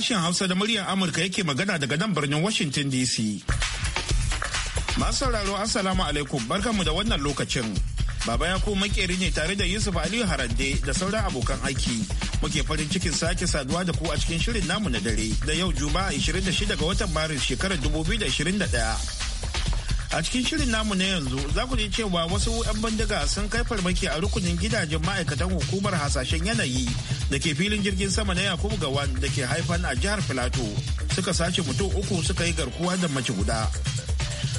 sashen Hausa da muryar Amurka yake magana daga nan birnin Washington DC. Masu sauraro Assalamu alaikum barkanmu da wannan lokacin. Baba ya ko makeri ne tare da Yusuf Aliyu Harande da sauran abokan aiki. Muke farin cikin sake saduwa da ku a cikin shirin namu na dare da yau Juma'a 26 ga watan Maris shekarar 2021. A cikin shirin namu na yanzu za ku ji cewa wasu 'yan bindiga sun kai farmaki a rukunin gidajen ma'aikatan hukumar hasashen yanayi da ke filin jirgin sama na Yakubu Gawan da ke haifan a jihar Filato suka sace mutum uku suka yi garkuwa da mace guda.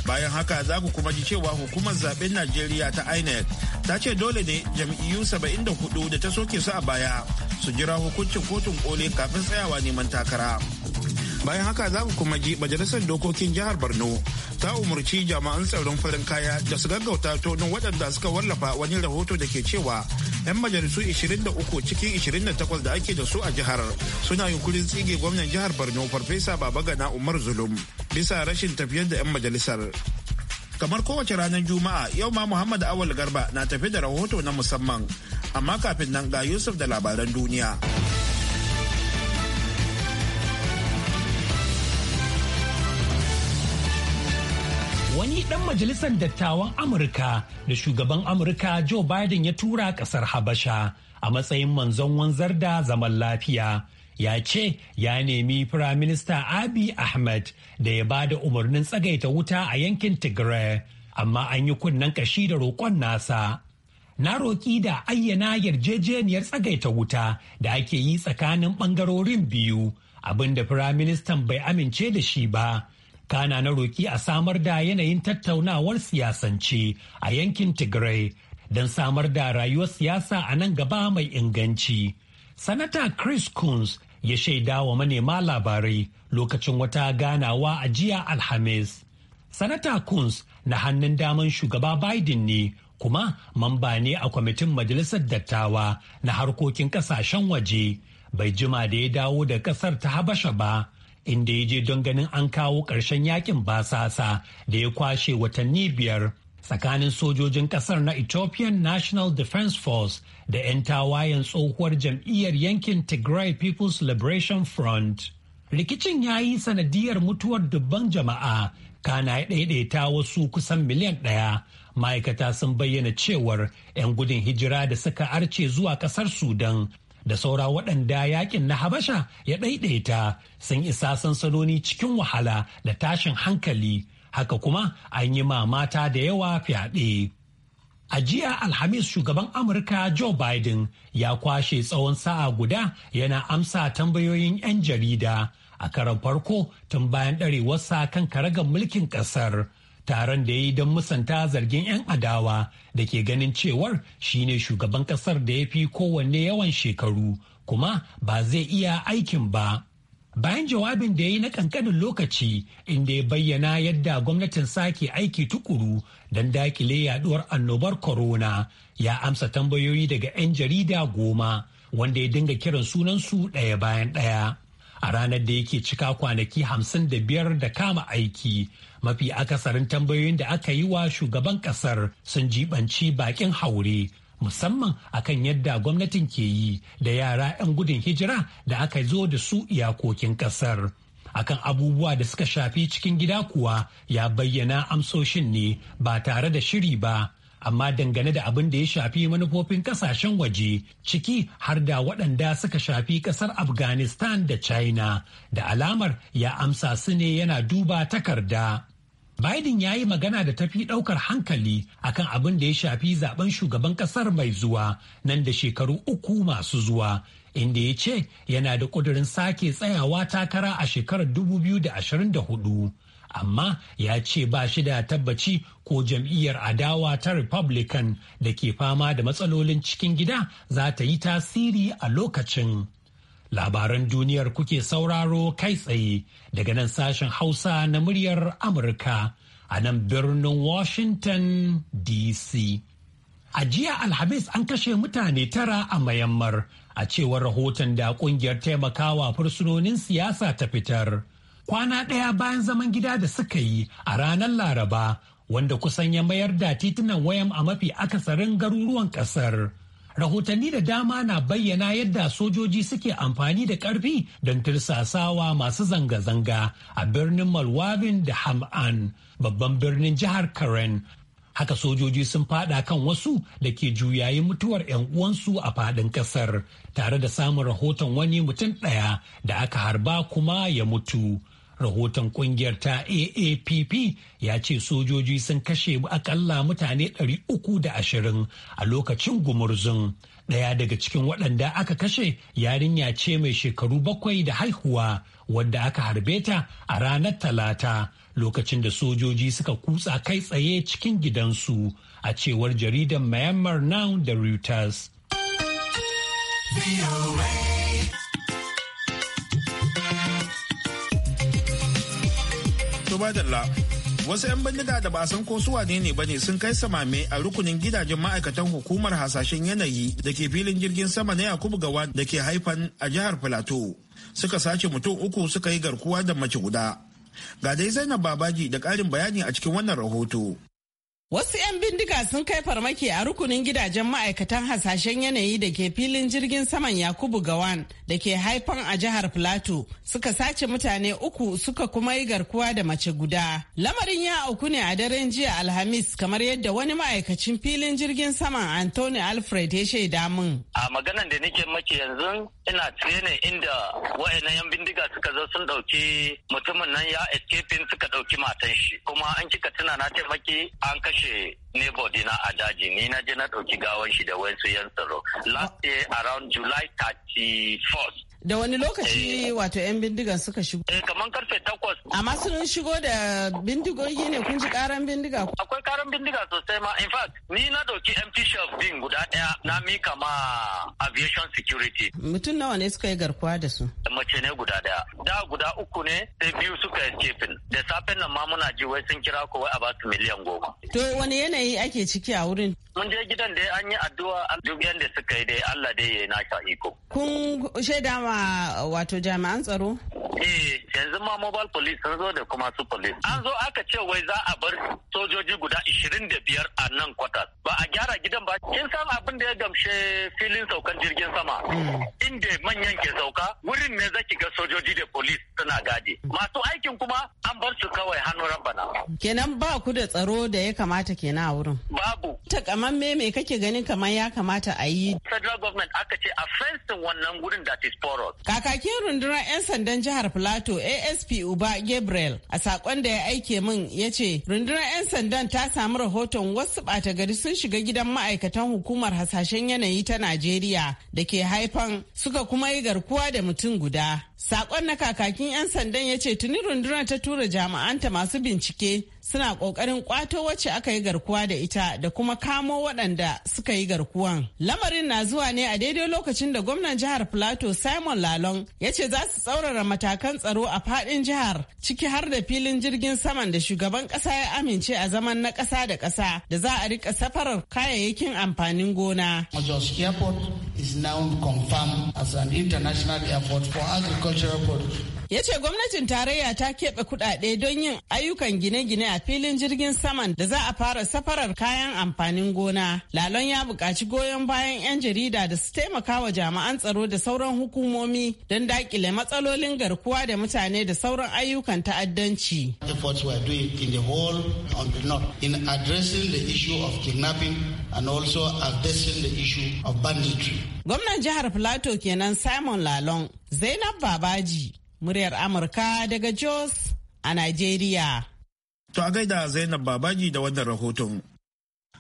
Bayan haka za ku kuma ji cewa hukumar zaben Najeriya ta INEC ta ce dole ne jam'iyyu 74 da ta soke su a baya su jira hukuncin kotun koli kafin tsayawa neman takara. bayan haka za ku kuma ji majalisar dokokin jihar borno ta umarci jami'an tsaron farin kaya da su gaggauta tonin waɗanda suka wallafa wani rahoto da ke cewa 'yan majalisu 23 cikin 28 da ake da su a jihar suna yunkurin tsige gwamnan jihar borno farfesa babagana umar zulum bisa rashin tafiyar da 'yan majalisar kamar kowace ranar juma'a yau ma muhammad awal garba na tafi da rahoto na musamman amma kafin nan ga yusuf da labaran duniya. wani ɗan majalisar dattawan Amurka da shugaban Amurka Joe Biden ya tura ƙasar Habasha a matsayin manzon wanzar da zaman lafiya. Ya ce ya nemi Firaminista abi Ahmed da ya ba da umarnin tsagaita wuta a yankin Tigray, amma an yi kunnen kashi da roƙon nasa. Na roƙi da ayyana yarjejeniyar tsagaita wuta da ake yi tsakanin ɓangarorin biyu, abin da Firaministan bai amince da shi ba. kana na roki a samar da yanayin tattaunawar siyasance a yankin tigray don samar da rayuwar siyasa a nan gaba mai inganci sanata chris coons ya shaida wa manema labarai lokacin wata ganawa a jiya alhamis sanata coons na hannun daman shugaba biden ne kuma mamba ne a kwamitin majalisar dattawa na harkokin kasashen waje bai jima da ya dawo da kasar ta habasha ba inda ya je don ganin an kawo ƙarshen yakin basasa da ya kwashe watanni biyar tsakanin sojojin ƙasar na Ethiopian National Defense Force da 'yan tawayen tsohuwar jam'iyyar yankin Tigray People's Liberation Front. Rikicin ya yi sanadiyar mutuwar dubban jama'a kana ya ɗaiɗaita wasu kusan miliyan ɗaya. Ma'aikata sun bayyana cewar 'yan gudun hijira da suka arce zuwa ƙasar Sudan da saura waɗanda yakin na Habasha ya ɗaiɗaita sun isa sansanoni cikin wahala da tashin hankali, haka kuma an yi mamata da yawa fyaɗe. A jiya Alhamis shugaban Amurka Joe Biden ya kwashe tsawon sa'a guda yana amsa tambayoyin 'yan jarida a karan farko tun bayan ɗarewarsa kan karagar mulkin ƙasar. taron da ya yi don musanta zargin 'yan adawa da ke ganin cewar shi ne shugaban kasar da ya fi kowanne yawan shekaru kuma ba zai iya aikin ba. Bayan jawabin da ya yi na kankanin lokaci inda ya bayyana yadda gwamnatin sake aiki tukuru don dakile yaduwar annobar corona ya amsa tambayoyi daga 'yan jarida goma wanda ya dinga kiran sunansu ɗaya bayan ɗaya. a ranar da yake cika kwanaki hamsin da biyar da kama aiki mafi akasarin tambayoyin da aka yi wa shugaban kasar sun jibanci bakin haure musamman akan yadda gwamnatin ke yi da yara 'yan gudun hijira da aka zo da su iyakokin kasar akan abubuwa da suka shafi cikin gida kuwa ya bayyana amsoshin ne ba tare da shiri ba amma dangane da abin da ya shafi manufofin kasashen waje ciki har da waɗanda suka shafi ƙasar afghanistan da china da alamar ya amsa su ne yana duba takarda biden ya yi magana da tafi ɗaukar hankali akan abin da ya shafi zaben shugaban ƙasar mai zuwa nan da shekaru uku masu zuwa inda ya ce yana da ƙudurin sake tsayawa takara a shekarar 2024 amma ya ce ba shi da tabbaci ko jam'iyyar adawa ta Republican da ke fama da matsalolin cikin gida za ta yi tasiri a lokacin. Labaran duniyar kuke sauraro kai tsaye daga nan sashen Hausa na muryar Amurka a nan birnin Washington DC. A jiya Alhamis an kashe mutane tara a Mayammar a cewar rahoton da kungiyar taimakawa fursunonin siyasa ta fitar. kwana ɗaya bayan zaman gida da suka yi a ranar Laraba wanda kusan ya mayar da titunan wayan a mafi akasarin garuruwan ƙasar. Rahotanni da dama na bayyana yadda sojoji suke amfani da ƙarfi don tirsasawa masu zanga-zanga a birnin Malwabin da Ham'an, babban birnin jihar Karen. Haka sojoji sun fada kan wasu da ke juyayin mutuwar 'yan uwansu a fadin kasar, tare da samun rahoton wani mutum ɗaya da aka harba kuma ya mutu. rahoton kungiyar ta aapp ya ce sojoji sun kashe akalla mutane 320 a lokacin gumurzun ɗaya daga cikin waɗanda aka kashe yarinya ce mai shekaru bakwai da haihuwa wadda aka harbe ta a ranar talata lokacin da sojoji suka kutsa kai tsaye cikin gidansu a cewar jaridar myanmar now da reuters To da Wasu 'yan bindiga da ba san ko su wane ne bane sun kai samame a rukunin gidajen ma'aikatan hukumar hasashen yanayi da ke filin jirgin sama na Yakubu Gawa da ke haifan a jihar Filato. Suka sace mutum uku suka yi garkuwa da mace guda. Ga dai Zainab Babaji da ƙarin bayani a cikin wannan rahoto. Wasu 'yan bindiga sun kai farmaki a rukunin gidajen ma'aikatan hasashen yanayi da ke filin jirgin saman Yakubu Gawan da ke haifan a jihar Filato suka sace mutane uku suka kuma yi garkuwa da mace guda. Lamarin ya auku ne a daren jiya Alhamis kamar yadda wani ma'aikacin filin jirgin saman Anthony Alfred ya shaida min. A maganan da nake maki yanzu ina tsaye ne inda wayannan yan bindiga suka zo sun dauki mutumin nan ya escaping suka ɗauki matan shi kuma an kika tuna na taimaki an kashe nebo dina a daji ni na je na dauki gawan shi da wasu yan tsaro last year around july 31st Da wani lokaci eh. wato 'yan bindigan suka shigo? Eh, kamar karfe takwas. Amma sun shigo da bindigogi ne kun ji karan bindiga? Akwai karan bindiga sosai ma. In fact, ni na doki MP shelf din guda daya na mika ma aviation security. Mutum nawa ne suka yi garkuwa da su? Mace ne guda daya. Da guda uku ne sai biyu suka escape Da safen nan ma muna ji wai sun kira ko wai a ba miliyan goma. To wani yanayi ake ciki a wurin? Mun je gidan dai an yi addu'a duk yanda suka yi dai Allah dai ya yi nasa iko. Kun shaida ma wato jami'an tsaro? Eh, yanzu ma mobile police sun zo da kuma su police. An zo aka ce wai za a bar sojoji guda 25 a nan kwatas. Ba a gyara gidan ba. Kin san abin da ya gamshe filin saukan jirgin sama. Hmm. Inda manyan ke sauka, wurin ne zaki ga sojoji da police suna gadi. Hmm. Masu aikin kuma an bar su kawai hannu rabana. Kenan ba ku da tsaro da ya kamata kenan a wurin. Babu. Takamamme me kake ganin kamar ya kamata a yi? Federal government aka ce a fensin wannan wurin that is poor road kakakin rundunar 'yan sandan jihar plateau asp uba gabriel a sakon da ya aike min ya ce rundunar 'yan sandan ta samu rahoton wasu ɓata gari sun shiga gidan ma'aikatan hukumar hasashen yanayi ta najeriya da ke haifan suka kuma yi garkuwa da mutum guda Sakon na kakakin 'yan sandan ya ce tuni rundunar ta tura jami'anta masu bincike suna kokarin kwato wacce aka yi garkuwa da ita da kuma kamo waɗanda suka yi garkuwan. Lamarin na zuwa ne a daidai lokacin da gwamnan jihar Plateau Simon Lalong ya ce za su tsaurara matakan tsaro a faɗin jihar ciki har da filin jirgin saman da shugaban ƙasa ya amince a zaman na ƙasa da ƙasa da za a riƙa safarar kayayyakin amfanin gona. is now confirmed as an international effort for agricultural production. ya ce gwamnatin tarayya ta keɓe kuɗaɗe don yin ayyukan gine-gine a filin jirgin saman da za a fara safarar kayan amfanin gona. Lalon ya buƙaci goyon bayan 'yan jarida da su taimaka wa jami'an tsaro da sauran hukumomi don daƙile matsalolin garkuwa da mutane da sauran ayyukan ta'addanci. Gwamnan jihar Plateau kenan Simon lalon Zainab Babaji muryar Amurka daga Jos a Najeriya. To a gaida Zainab Babaji da wannan rahoton.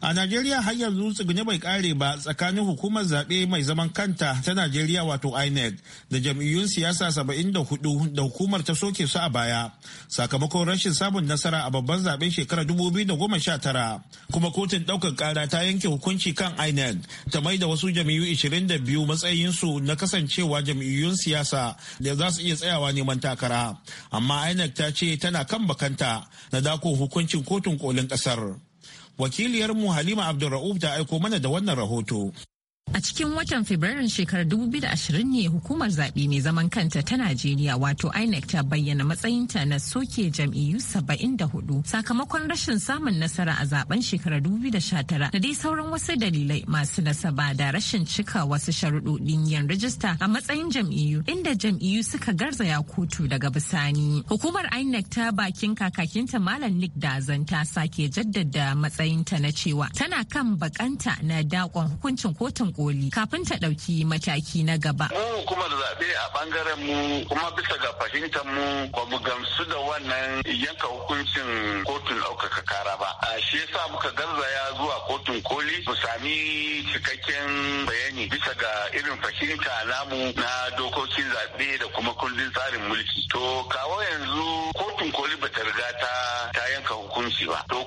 A Najeriya har yanzu tsugune bai kare ba tsakanin hukumar zaɓe mai zaman kanta ta Najeriya wato INEC da jam'iyyun siyasa saba'in da hudu da hukumar ta soke su a baya sakamakon rashin samun nasara a babban zaɓen sha tara kuma kotun ɗaukar ƙara ta yanke hukunci kan INEC ta mai da wasu jam'iyyu biyu matsayinsu na kasancewa jam'iyyun siyasa da za su iya tsayawa neman takara amma INEC ta ce tana kan bakanta na dako hukuncin kotun kolin ƙasar. wakiliyarmu halima abdulra'uf ta aiko mana da wannan rahoto A cikin watan Fabrairun shekarar 2020 ne hukumar zaɓe mai zaman kanta ta Najeriya wato INEC ta bayyana matsayinta na soke jam'iyyu 74 sakamakon rashin samun nasara a zaben shekarar 2019 da dai sauran wasu dalilai masu nasaba da rashin cika wasu sharuɗoɗin yin rajista a matsayin jam'iyyu inda jam'iyyu suka garzaya kotu daga bisani. Hukumar INEC ta bakin kakakinta Malam Nick Dazan ta sake jaddada matsayinta na cewa tana kan bakanta na dakon hukuncin kotun koli kafin ta ɗauki mataki na gaba. Mu kuma da zaɓe a ɓangaren mu kuma bisa ga fahimtar mu ba mu gamsu da wannan yanka hukuncin kotun ɗaukaka kara ba. A shi yasa muka garzaya zuwa kotun koli mu sami cikakken bayani bisa ga irin fahimta namu na dokokin zaɓe da kuma kundin tsarin mulki. To kawo yanzu kotun koli bata riga ta ta yanka hukunci ba. To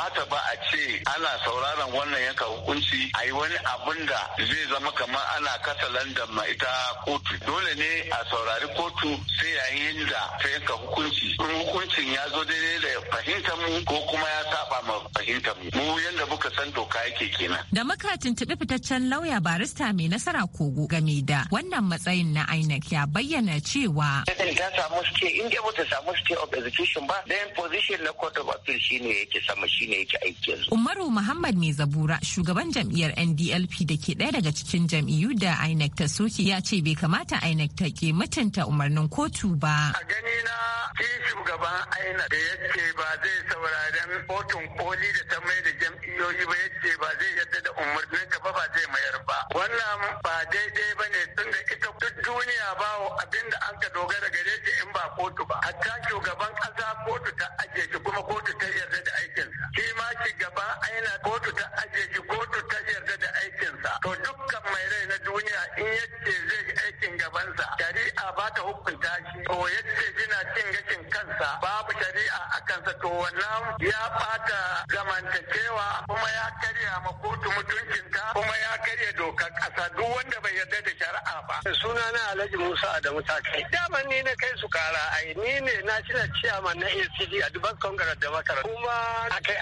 kamata ba a ce ana sauraron wannan yanka hukunci a yi wani abun da zai zama kamar ana kasa landan ma ita kotu dole ne a saurari kotu sai yayin da ta yanka hukunci in hukuncin ya zo daidai da fahimtar mu ko kuma ya saba ma fahimtar mu mu yanda muka san doka yake kenan da muka fitaccen lauya barista mai nasara kogo game da wannan matsayin na INEC ya bayyana cewa ta samu suke in dai bata samu suke of execution ba then position na court of appeal shine yake sama shi ne yake aiki yanzu. Umaru Muhammad Mai Zabura shugaban jam'iyyar NDLP da ke ɗaya daga cikin jam'iyyu da INEC ta soke ya ce bai kamata INEC ta ke mutunta umarnin kotu ba. A gani na shi shugaban INEC da ya ce ba zai sauraren kotun koli da ta mai da jam'iyyoyi ba ya ce ba zai yarda da umarnin ka ba ba zai mayar ba. Wannan ba daidai ba ne tun da ita duk duniya bawo abin da an ka dogara gare shi in ba kotu ba. Hatta shugaban ƙasa kotu ta ajiye shi kuma kotu ta yarda da aikinsa. shi ma gaba aina kotu ta ajiye shi kotu ta yarda da aikinsa to dukkan mai rai na duniya in yace zai aikin gabansa shari'a ba ta hukunta shi to yace yana cin gashin kansa babu shari'a a kansa to wannan ya bata zamantakewa kuma ya karya ma kotu mutuncinta kuma ya karya dokar kasa duk wanda bai yarda da shari'a ba na Alhaji Musa Adamu kai. daman ni na kai su kara ai ni ne na cina ciyaman na ACD a dubban Congress da Makara kuma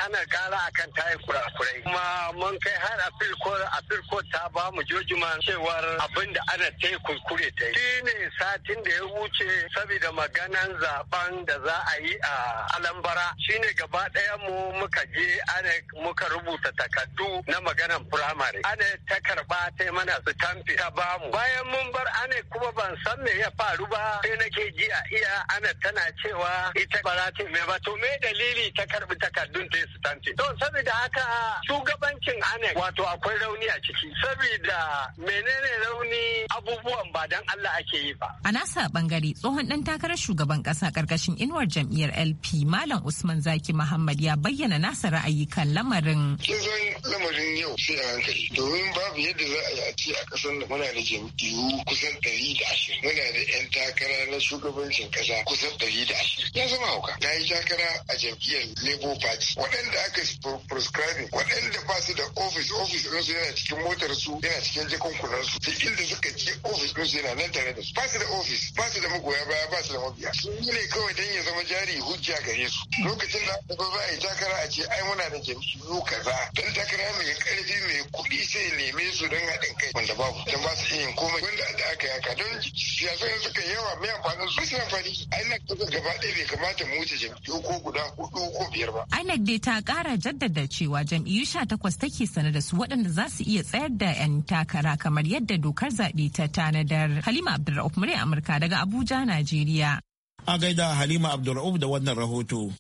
ana kara akan tayi kurakurai kuma mun kai har a court a ta ba mu jojima cewar abin da ana ta kurkure ta shi ne satin da ya wuce saboda maganan zaben da za a yi a alambara shine gaba daya mu muka je ana muka rubuta takardu na maganan firamare ana ta karba ta mana su tamfi ta ba mu bayan mun bar ana kuma ban san me ya faru ba sai nake ji a iya ana tana cewa ita ba ta me ba to me dalili ta karbi takardun ta substantive to saboda haka shugabancin anek wato akwai rauni a ciki saboda menene rauni abubuwan ba dan Allah ake yi ba a nasa bangare tsohon dan takarar shugaban kasa karkashin inuwar jam'iyyar LP malam Usman Zaki Muhammad ya bayyana nasa ra'ayi kan lamarin kin lamarin yau sai a hankali domin babu yadda za a yi a ce a kasar da muna da jam'iyyu kusan ɗari da ashirin muna da 'yan takara na shugabancin kasa kusan ɗari da ashirin ya zama hauka na yi takara a jam'iyyar Labour Party waɗanda da aka prescribing waɗanda ba su da office office ɗinsu yana cikin motar su yana cikin jakunkunan su duk inda suka je office ɗinsu yana nan tare da su ba su da office ba su da magoya baya ba su da mabiya sun yi ne kawai don ya zama jari hujja gare su lokacin da aka za a yi takara a ce ai muna da jam'iyyu kaza dan takara mai karfi mai kuɗi sai neme su don haɗin kai wanda babu don ba su iya yin komai wanda da aka yaka don siyasan suka yawa mai amfanin su su amfani INEC gaba ɗaya bai kamata mu wuce jam'iyyu ko guda hudu ko biyar ba. INEC dai ta kara jaddada cewa jam'iyyu sha takwas take sanar da su waɗanda za su iya tsayar da 'yan takara kamar yadda dokar zaɓe ta tanadar halima abdulrauf murya amurka daga abuja najeriya a gaida halima abdulrauf da wannan rahoto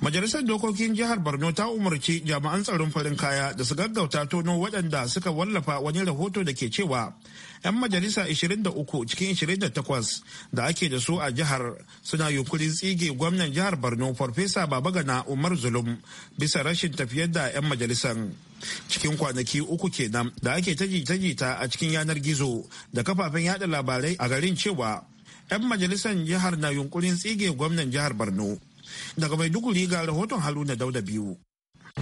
majalisar dokokin jihar borno ta umarci jami'an tsaron farin kaya da su gaggauta tono waɗanda suka wallafa wani rahoto da ke cewa 'yan majalisa 23 cikin 28 da ake da su a jihar suna yunkurin tsige gwamnan jihar borno farfesa babagana umar zulum bisa rashin tafiyar da 'yan majalisan cikin kwanaki uku kenan da ake ta a cikin yanar gizo da kafafen yada labarai a garin cewa 'yan majalisar jihar na yunkurin tsige gwamnan jihar borno Daga Maiduguri ga rahoton Haruna Dauda biyu.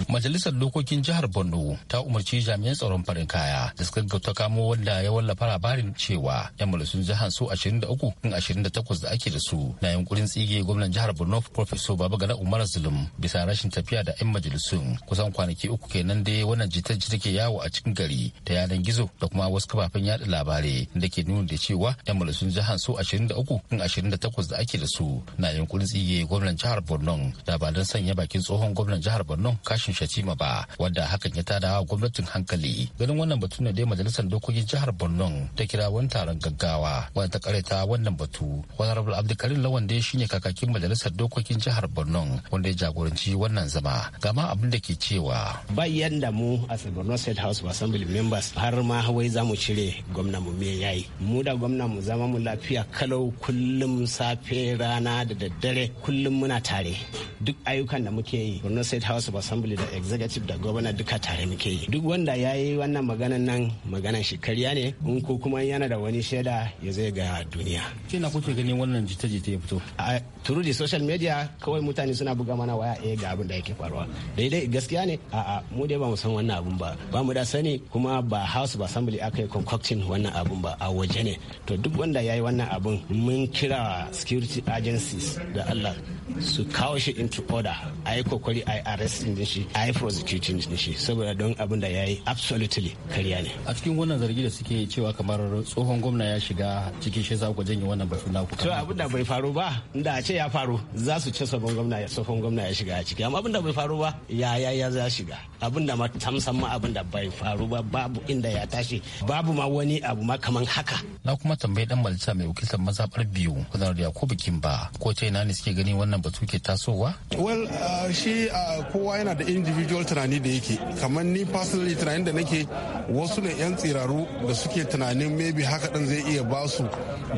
Majalisar Dokokin Jihar Borno ta umarci jami'an tsaron farin kaya da suka gauta kamo wanda ya wallafa labarin cewa 'yan majalisun jihar su 23 in 28 da ake da su na yankurin tsige gwamnan jihar Borno Professor Gana Umar Zulum bisa rashin tafiya da 'yan majalisun kusan kwanaki uku kenan dai wannan jita-jita ke yawo a cikin gari ta yanan gizo da kuma wasu kafafen yada labarai da ke nuna da cewa 'yan majalisun jihar su 23 in 28 da ake da su na yankurin tsige gwamnan jihar Borno da ba don sanya bakin tsohon gwamnan jihar Borno Kashim Shatima ba wanda hakan ya tada wa gwamnatin hankali. Ganin wannan batu ne dai majalisar dokokin jihar Borno ta kira wani taron gaggawa wanda ta karaita wannan batu. Honorable Abdulkarim Lawan dai shine kakakin majalisar dokokin jihar Borno wanda ya jagoranci wannan zama. Gama abin da ke cewa. Bayan da mu a Borno State House of Assembly members har ma wai za mu cire gwamnan mu me yayi. Mu da gwamnan mu zama mu lafiya kalau kullum safe rana da daddare kullum muna tare. Duk ayyukan da muke yi Borno State House of Assembly assembly da executive da governor duka tare muke yi duk wanda ya yi wannan maganan nan maganan shi karya ne in ko kuma yana da wani shaida ya zai ga duniya kina kuke ganin wannan jita-jita ya fito a through the social media kawai mutane suna buga mana waya eh ga abin da yake faruwa daidai gaskiya ne a'a mu dai ba mu san wannan abun ba ba mu da sani kuma ba house ba assembly aka yi concocting wannan abun ba a waje ne to duk wanda ya yi wannan abun mun kira security agencies da Allah su kawo shi into order a yi kokari a yi arresting din shi shi a yi prosecuting din shi saboda don abin da ya yi absolutely karya ne a cikin wannan zargi da suke cewa kamar tsohon gwamna ya shiga cikin shi zaku janye wannan batu na ku to abin da bai faru ba da a ce ya faru za su ce sabon gwamna ya tsohon gwamna ya shiga a ciki amma abin da bai faru ba ya ya ya za shiga abin da ma tamsan ma abin da bai faru ba babu inda ya tashi babu ma wani abu ma kaman haka na kuma tambayi dan malta mai wakiltar mazabar biyu kudan yakubu kimba ko ce ina ne suke gani wannan batu ke tasowa well uh, shi uh, kowa yana da individual tunani da yake kamar ni personally tunanin da nake wasu ne 'yan tsiraru da suke tunanin maybe haka din zai iya ba su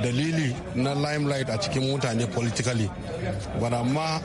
dalili na limelight a cikin mutane politically but amma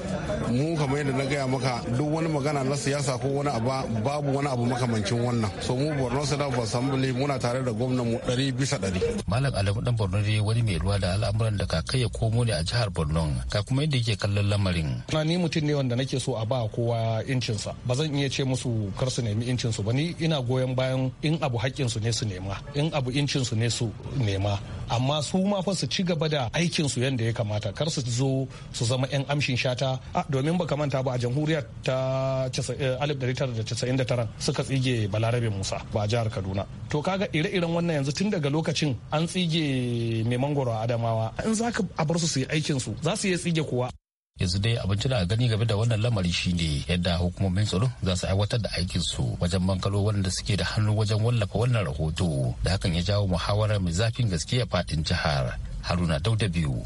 mu kamar yadda na gaya maka duk wani magana na siyasa ko wani abu babu wani abu makamancin wannan so mu borno sadaf assembly muna tare da gwamnan mu ɗari bisa ɗari. malam alamu dan borno ne wani mai ruwa da al'amuran da kai ya komo ne a jihar borno ka kuma yadda yake kallon lamarin. na ni mutum ne wanda nake so a ba kowa incinsa ba zan iya ce musu kar su nemi incin su ba ni ina goyon bayan in abu haƙƙin su ne su nema in abu incin su ne su nema amma su ma fa su ci gaba da aikin su yanda ya kamata kar su zo su zama yan amshin shata a domin baka manta ba a jamhuriyar ta 1999 eh, suka tsige balarabe musa ba jihar kaduna to kaga ire-iren wannan yanzu tun daga lokacin an tsige mai mangoro adamawa in zaka ka a bar su su yi aikin su za su iya tsige kuwa yanzu dai abinci da gani game da wannan lamari shine yadda hukumomin tsaro za su aiwatar da aikin su wajen bankalo wanda suke da hannu wajen wallafa wannan rahoto da hakan ya jawo muhawara mai zafin gaske a fadin jihar haruna dauda biyu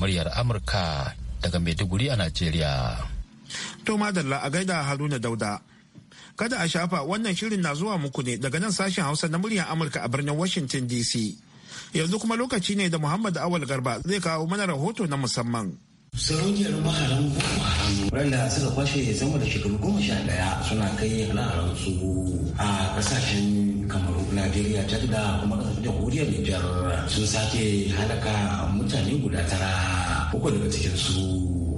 muryar amurka daga maiduguri a nigeria. to madalla a gaida haruna dauda kada a shafa wannan shirin na zuwa muku ne daga nan sashen hausa na muryar amurka a birnin washington dc yanzu kuma lokaci ne da muhammad awal garba zai kawo mana rahoto na musamman sarauniyar maharan boko haram waɗanda suka kwashe sama da shekaru goma sha ɗaya suna kai halaran su a ƙasashen kamaru najeriya ta da kuma jamhuriyar nijar sun sake halaka mutane guda tara uku daga cikin su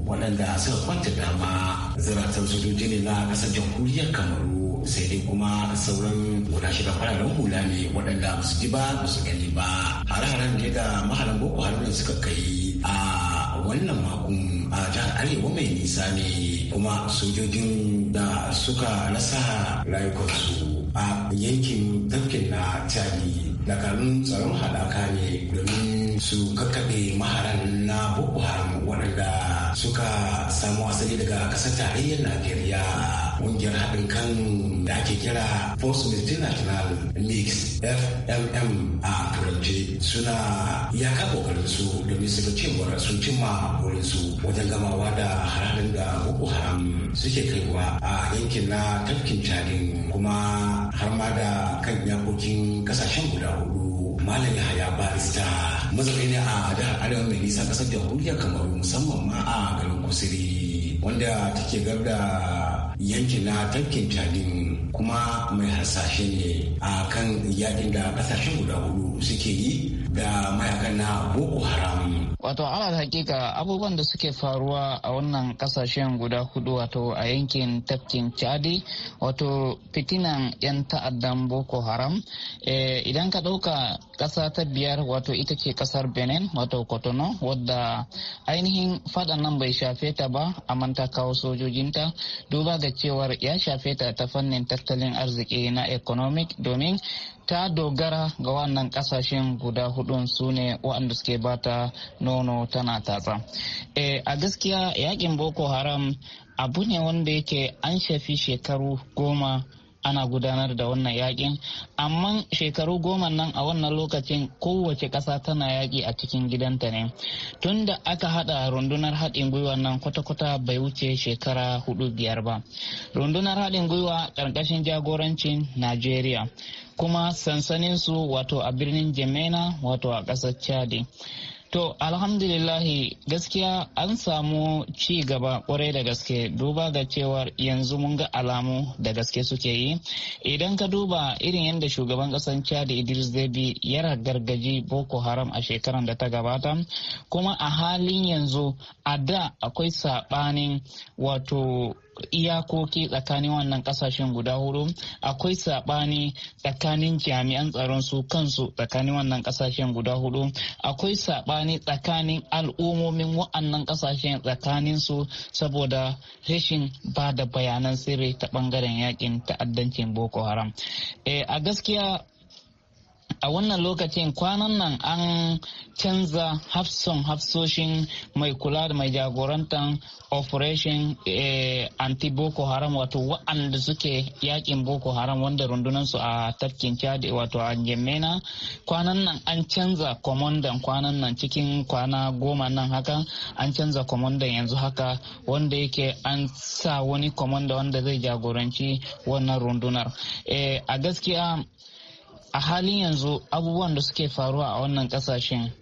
waɗanda suka kwanta dama zaratar sojoji ne na ƙasar jamhuriyar kamaru sai dai kuma sauran guda shida fararen hula ne waɗanda ba su ji ba ba su gani ba hare-haren da maharan boko haram suka kai wannan makon a jihar arewa mai nisa ne kuma sojojin da suka rasa rayukansu a yankin tafkin na da karin tsaron haɗaka ne domin su kakkaɓe maharan na Boko Haram waɗanda suka samu asali daga ƙasar tarayyar Najeriya. ƙungiyar haɗin kan da ake kira Force Multinational Mix FMM a turance suna yaka kokarin su domin su ga cewar sun cimma burin su wajen gamawa da haramin da Boko Haram suke kaiwa a yankin na tafkin Chadin kuma har ma da kan yakokin ƙasashen guda hudu Malam Yahaya Barista mazaɓi ne a da Arewa mai nisa ƙasar jamhuriya Kamaru musamman ma a garin Kusiri wanda take garda da yankin na tankin Chadin kuma mai hasashe ne a kan yakin da ƙasashen guda hudu suke yi da mayakan na Boko haramun wato ala hakika abubuwan da suke faruwa a wannan kasashen guda hudu wato a yankin tafkin chadi wato fitinan yan ta'addan boko haram eh, idan ka dauka kasa ta biyar wato ita ce kasar benin wato kotono wadda ainihin fadan nan bai shafe ta ba a manta kawo sojojinta duba ga cewar ya shafe ta ta fannin tattalin arziki na economic domin ta dogara ga wannan kasashen guda hudun su ne waɗanda suke bata nono tana tatsa e, a gaskiya yakin boko haram abu ne wanda yake an shafi shekaru goma ana gudanar da wannan yakin amma shekaru goma nan a wannan lokacin kowace ƙasa tana yaƙi a cikin gidanta ne tun da aka haɗa rundunar haɗin gwiwa nan kwata-kwata bai wuce shekara hudu biyar ba rundunar haɗin gwiwa ƙarƙashin jagorancin najeriya kuma sansaninsu wato a birnin jemena wato a ƙasar chadi To alhamdulillahi gaskiya an samu ci gaba kwarai da gaske duba ga cewar yanzu mun ga alamu da gaske suke yi idan ka duba irin yadda shugaban kasan Chad Idris Deby ya gargaji Boko Haram a shekaran da ta gabata kuma a halin yanzu a da akwai saɓanin wato iyakoki tsakanin wannan kasashen guda hudu akwai sabani tsakanin jami'an tsaron su kansu tsakanin wannan kasashen guda hudu akwai sabani tsakanin al'ummomin wa'annan kasashen tsakanin su saboda rashin ba da bayanan sirri ta bangaren yakin ta'addancin boko haram eh, a gaskiya a wannan lokacin kwanan nan an canza hafson hafsoshin mai kula da mai jagorantar operation eh, anti boko haram wato waɗanda suke yakin boko haram wanda rundunansu a tafkin chad wato a gemena kwanan nan an canza kwamandan kwanan nan cikin kwana goma nan haka an canza kwamandan yanzu haka wanda yake an sa wani kwamanda wanda zai jagoranci wannan rundunar eh, a gaskiya a halin yanzu abubuwan da suke faruwa a wannan kasashen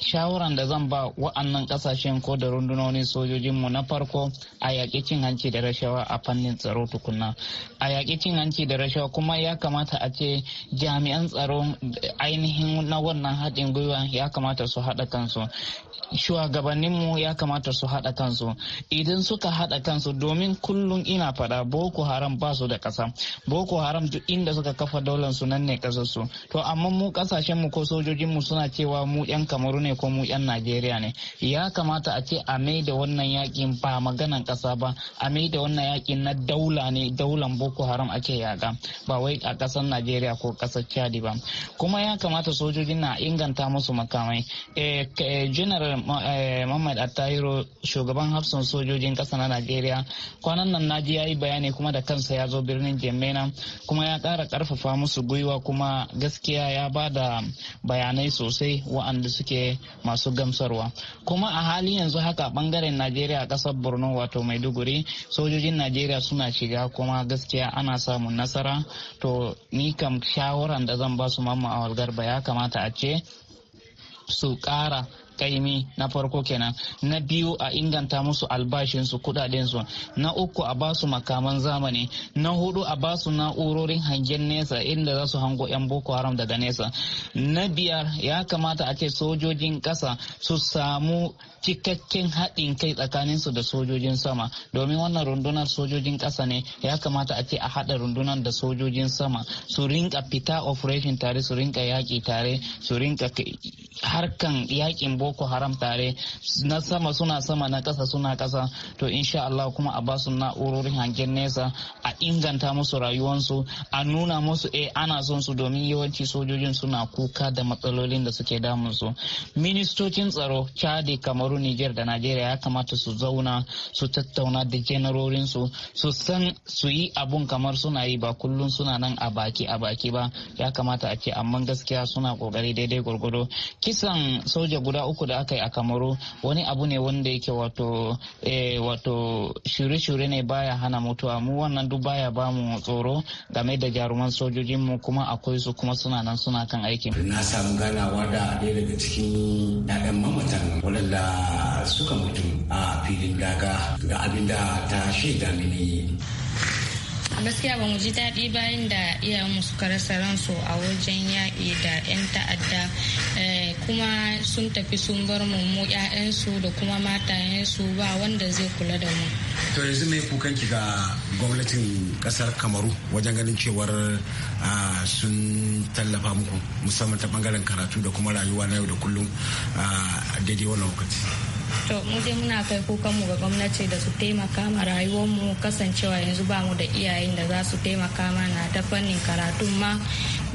shawaran da zan ba wa'annan kasashen ko da rundunonin sojojinmu na farko a yaƙi cin hanci da rashawa a fannin tsaro tukunna a yaƙi cin hanci da rashawa kuma ya kamata a ce jami'an tsaro ainihin na wannan haɗin gwiwa ya kamata su haɗa kansu shugabanninmu ya kamata su haɗa kansu idan suka haɗa kansu domin kullum ina faɗa boko haram ba su da ƙasa boko haram duk inda suka kafa daular su nan ne ƙasarsu to amma mu ƙasashenmu ko sojojinmu suna cewa mu 'yan kamaru ne ne ko mu 'yan Najeriya ne ya kamata a ce a mai da wannan yakin ba maganan kasa ba a mai da wannan yakin na daula ne daulan Boko Haram ake yaga ba wai a kasar Najeriya ko kasar Chadi ba kuma ya kamata sojojin na inganta musu makamai eh, eh, General Muhammad eh, attahiro shugaban hafsan sojojin kasa na Najeriya kwanan nan naji yi bayani kuma da kansa ya zo birnin Jemena kuma ya kara karfafa musu gwiwa kuma gaskiya ya ba da bayanai sosai wa'anda suke masu gamsarwa kuma a halin yanzu haka bangaren najeriya kasar borno wato maiduguri sojojin najeriya suna shiga kuma gaskiya ana samun nasara to ni kam shawaran da zan ba su mamma a walgarba ya kamata a ce su kara kaimi na farko kenan na biyu a inganta musu albashinsu kudadensu na uku a basu makaman zamani na hudu a basu na'urorin hangen nesa inda za su hango 'yan boko haram daga nesa na biyar ya kamata a ce sojojin ƙasa su samu cikakken haɗin kai tsakaninsu da sojojin sama domin wannan rundunar sojojin ƙasa ne ya kamata a ce a haɗa rundunar da sojojin sama su rinka fita operation tare su rinka yaƙi tare su rinka harkan yaƙin boko boko haram tare na sama suna sama na ƙasa suna ƙasa to insha Allah kuma a basu na'urorin hangen nesa a inganta musu rayuwansu a nuna musu eh ana son su domin yawanci sojojin suna kuka da matsalolin da suke damun su ministocin tsaro chadi kamaru niger da najeriya ya kamata su zauna su tattauna da janarorin su su san su yi abun kamar suna yi ba kullum suna nan a baki a baki ba ya kamata a ce amma gaskiya suna kokari daidai gwargwado kisan soja guda uku uku da aka yi a kamaru wani abu ne wanda yake wato eh, wato shirye-shirye ne baya hana mutuwa mu wannan duk baya ba mu tsoro game da jaruman sojojin mu kuma akwai su kuma suna nan suna kan aikin na samu ganawa da ɗaya daga cikin ɗaɗan mamatan wadanda suka mutu a filin daga ga abin da ta shaida mini gaskiya ba mu ji daɗi bayan da iyayenmu suka rasa ransu a wajen yaƙi da 'yan ta'adda eh, kuma sun tafi sun bar mu 'ya'yansu da kuma matayensu ba wanda zai kula da mu to yanzu mai kukan ki ga gwamnatin kasar kamaru wajen ganin cewar sun tallafa muku musamman ta bangaren karatu da kuma rayuwa na yau da kullum daidai wannan lokaci to mu muna kai kukan mu ga gwamnati da su taimaka ma rayuwar mu kasancewa yanzu ba mu da iyayen da za su taimaka mana ta fannin karatun ma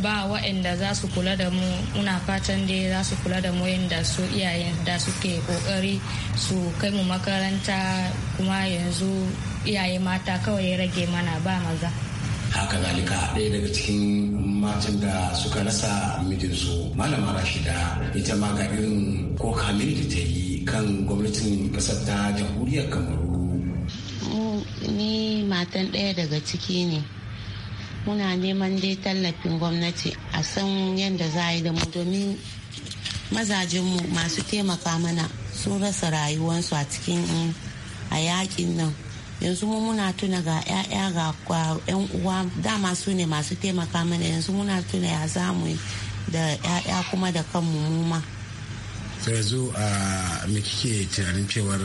ba waɗanda za su kula da mu muna fatan da za su kula da mu yadda su iyayen da suke kokari su kai mu makaranta kuma yanzu iyaye mata kawai ya rage mana ba maza haka zalika ɗaya daga cikin matan da suka rasa mijinsu malama rashida ita ma ga irin ko kamin da ta yi kan gwamnatin kasar ta jamhuriyar kamaru ni matan ɗaya daga ciki ne muna neman dai tallafin gwamnati a san yadda za a yi da mu domin mazajenmu masu taimaka mana sun rasa rayuwansu a cikin mm, a yakin nan yanzu mu muna tuna ga 'ya'ya ga yan uwa dama su ne masu taimaka mana yanzu muna tuna ya zamu da 'ya'ya kuma da kanmu mu sai yanzu me kike tunanin cewar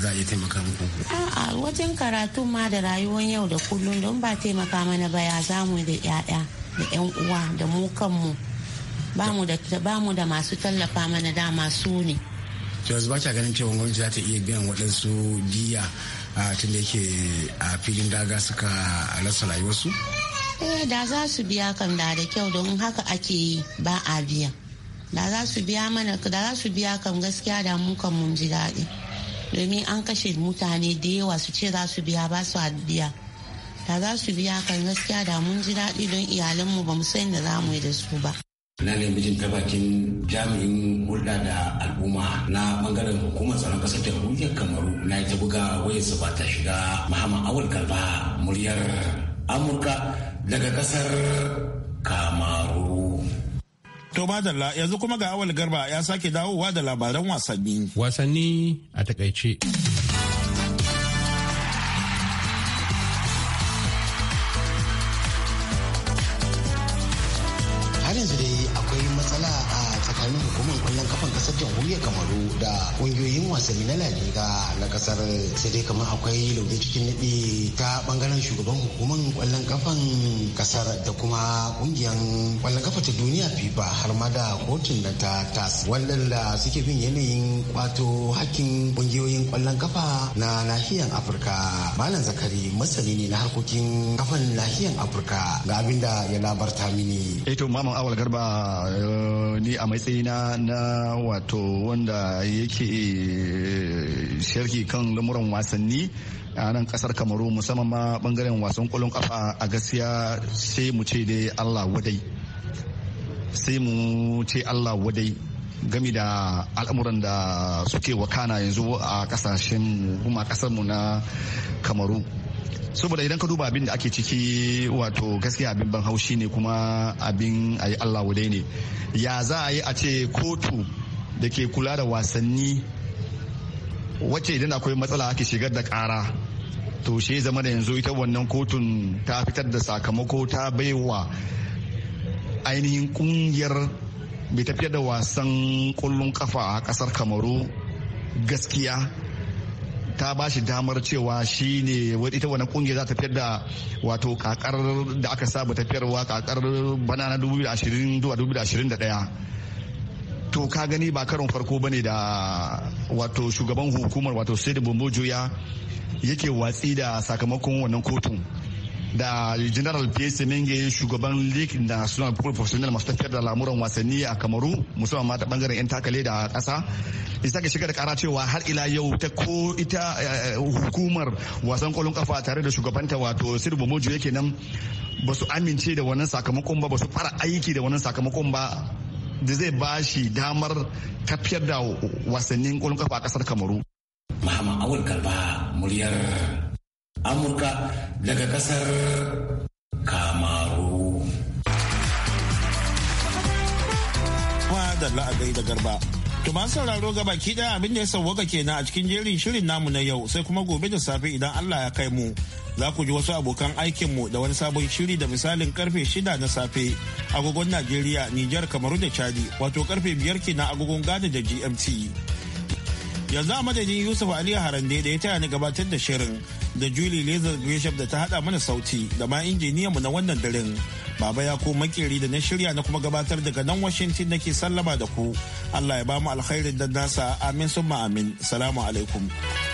za a iya taimaka muku a'a wajen karatu ma da rayuwar yau da kullum don ba taimaka mana ba ya zamu da 'ya'ya da 'yan uwa da mu kanmu ba mu da masu tallafa mana dama su ne yanzu ba ganin cewa gwamnati za ta iya biyan wadansu jiya tun da yake a filin daga suka rasa rayuwarsu eh da za su biya kan da da kyau don haka ake yi ba a biyan da za su biya mana da za su biya kan gaskiya da mun kan mun ji daɗi domin an kashe mutane da yawa su ce za su biya ba su biya da za su biya kan gaskiya da mun ji daɗi don iyalanmu ba mu san da za mu yi da su ba na ne mijin ta bakin jami'in hulɗa da al'umma na bangaren hukumar tsaron ƙasar jamhuriyar kamaru na ta buga su ba ta shiga muhammad awal kalba muryar amurka daga ƙasar kamaru To madalla yanzu kuma ga awal garba ya sake dawowa da labaran wasanni. Wasanni a takaice. Sami na laliga na kasar sai dai kamar akwai lauje cikin naɗi ta bangaren shugaban hukumar kwallon kafan kasar da kuma kungiyar kwallon kafa ta duniya fifa har ma da kotun da ta tas da suke bin yanayin kwato hakkin kungiyoyin kwallon kafa na nahiyar afirka malam zakari masani ne na harkokin kafan nahiyar afirka ga abin da ya labarta mini eto eh maman awal garba eh, ni a matsayina na wato wanda yake sharhi kan lamuran wasanni a nan kasar kamaru musamman ma bangaren wasan kwallon kafa a gaskiya sai mu ce dai allah wadai sai mu ce allah wadai gami da al'amuran da suke wakana yanzu a kasashen kuma kasarmu na kamaru saboda idan ka duba abin da ake ciki wato gaskiya abin ban haushi ne kuma abin a yi allah wadai ne ya za a yi a ce kotu da ke kula da wasanni wacce idan akwai matsala ake shigar da kara to shi zama da yanzu ita wannan kotun ta fitar da sakamako ta baiwa ainihin kungiyar mai tafiya da wasan kullun kafa a kasar kamaru gaskiya ta ba shi damar cewa shi ne ita wani kungiyar za ta tafiyar da wato kakar da aka saba tafiyarwa kakar bana na 2020 2021 wato ka gani ba karon farko bane da wato shugaban hukumar wato sai da bombojo ya yake watsi da sakamakon wannan kotun da general pc menge shugaban league suna professional masu tafiyar da lamuran wasanni a kamaru musamman mata bangaren yan takale da kasa isa ga shiga da kara cewa har ila yau ta ko ita eh, hukumar wasan kolon kafa tare da shugabanta wato sir mojo yake nan ba su amince da wannan sakamakon ba ba su fara aiki da wannan sakamakon ba da zai ba shi damar tafiyar da wasannin kwallon kafa a kasar kamaru. mahama Awul Kalba muryar Amurka daga ƙasar Kamaru. Kuma da la'agai da garba. To masu sauraro ga baki ɗaya abin da ya sauwaka kenan a cikin jerin shirin namu na yau sai kuma gobe da safe idan Allah ya kai mu. Za ku ji wasu abokan aikinmu da wani sabon shiri da misalin karfe shida na safe agogon Najeriya, Nijar, Kamaru da Chadi wato karfe biyar kenan agogon gada da GMT. Yanzu a madadin Yusuf Ali Harande da ya taya ni gabatar da shirin da Julie Lazar Bishop da ta hada mana sauti da ma injiniyanmu na wannan daren. Baba ya ko makeri da na shirya na kuma gabatar daga nan Washington nake sallama da ku. Allah ya ba mu alkhairin da nasa amin summa amin. Salamu alaikum.